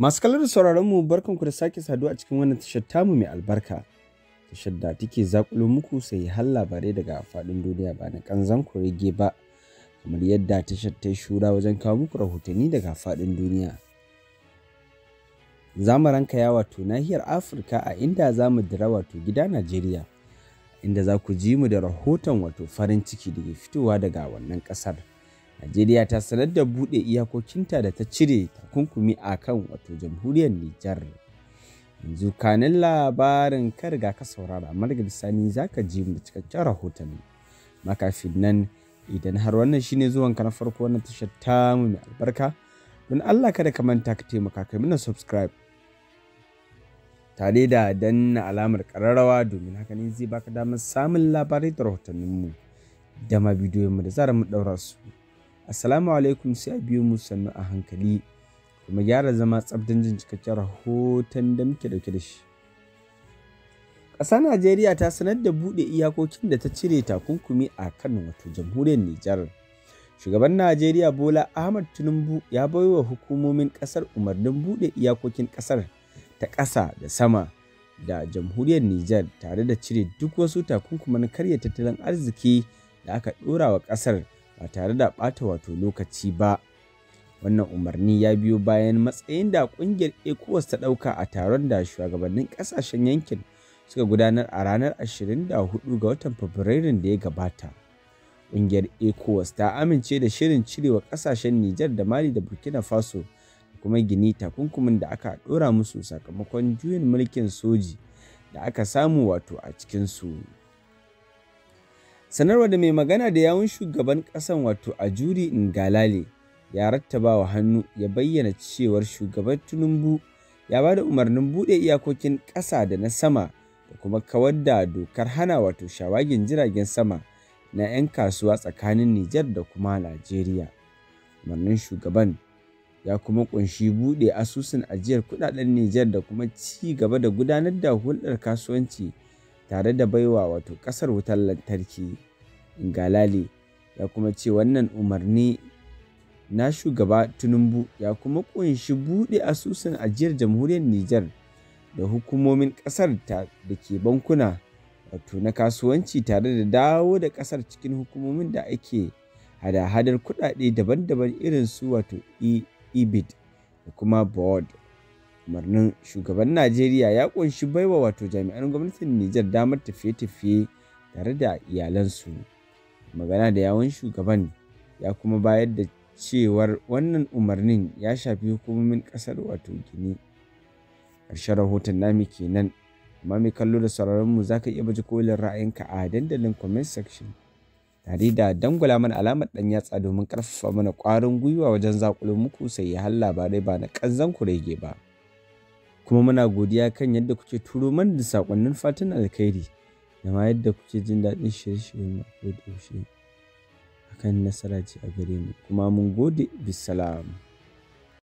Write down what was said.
Masu kallon sauraron mu barkan ku da sake saduwa a cikin wannan tashar tamu mai albarka. Tashar da take zakulo muku sai har labarai daga faɗin duniya ba na kanzan ku rage ba. Kamar yadda tashar ta shura wajen kawo muku rahotanni daga faɗin duniya. Za mu ranka ya wato nahiyar Afirka a inda za mu dira wato gida Najeriya. Inda za ku ji mu da rahoton wato farin ciki da ke fitowa daga wannan ƙasar. Najeriya ta sanar da buɗe iyakokinta da ta cire takunkumi a kan wato jamhuriyar Nijar. Yanzu kanin labarin karga ka saurara marga bisani za ka ji mu cikakken rahoton. Makafin nan idan har wannan shine zuwan ka na farko wannan tashar ta mu mai albarka don Allah kada ka manta ka taimaka kai mana subscribe. Tare da danna alamar ƙararrawa domin haka ne zai baka damar samun labarai da rahotanninmu da bidiyon mu da zara mu ɗaura su. assalamu alaikum sai a biyo mu sannu a hankali kuma gyara zama tsabdan jin cikakken rahoton da muke dauke da shi ƙasa najeriya ta sanar da buɗe iyakokin da ta cire takunkumi a kan wato jamhuriyar nijar shugaban najeriya bola ahmad tinubu ya baiwa hukumomin ƙasar umarnin buɗe iyakokin ƙasar ta ƙasa da sama da jamhuriyar nijar tare da cire duk wasu takunkuman karya tattalin arziki da aka ɗora wa ƙasar ba tare da ɓata wato lokaci ba wannan umarni ya biyo bayan matsayin da kungiyar ecowas ta ɗauka a taron da shugabannin ƙasashen yankin suka gudanar a ranar 24 ga watan fabrairun da ya gabata ƙungiyar ecowas ta amince da shirin cirewa ƙasashen nijar da mali da burkina faso da kuma gini takunkumin da aka ɗora musu sakamakon juyin mulkin soji da aka samu wato a cikinsu. su sanarwa da mai magana da yawun shugaban ƙasan wato a juri ngalale ya rattaba wa hannu ya bayyana cewar shugaban tunumbu ya ba da umarnin buɗe iyakokin ƙasa da na sama da kuma kawar da dokar hana wato shawagin jiragen sama na 'yan kasuwa tsakanin Nijar da kuma Najeriya. Umarnin shugaban ya kuma ƙunshi buɗe asusun ajiyar kudaden Nijar da kuma ci gaba da gudanar da hulɗar kasuwanci tare da baiwa wato ƙasar wutar lantarki galali ya kuma ce wannan umarni na shugaba tunumbu ya kuma ƙunshi buɗe asusun ajiyar jamhuriyar Nijar da hukumomin ƙasar da ke bankuna wato na kasuwanci tare da dawo da ƙasar cikin hukumomin da ake hada-hadar kuɗaɗe daban-daban irin su wato e-, EBIT da kuma board umarnin shugaban najeriya ya kunshi baiwa wato jami'an gwamnatin nijar damar tafiye-tafiye tare da iyalansu magana da yawon shugaban ya kuma bayar da cewar wannan umarnin ya shafi hukumomin kasar wato gini ƙarshen rahoton nami kenan amma mai kallo da sauraron mu zaka iya baje kolin ra'ayinka a dandalin comment section tare da dangwala mana alamar ɗan yatsa domin karfafa mana ƙwarin gwiwa wajen zakulo muku sai ya ba labarai ba na kanzan rage ba kuma muna godiya kan yadda kuke turo man da sakonnin fatan alkhairi da ma yadda kuke jin daɗin shirye-shiryen a da nasara ce a gare mu kuma mun gode bisalamu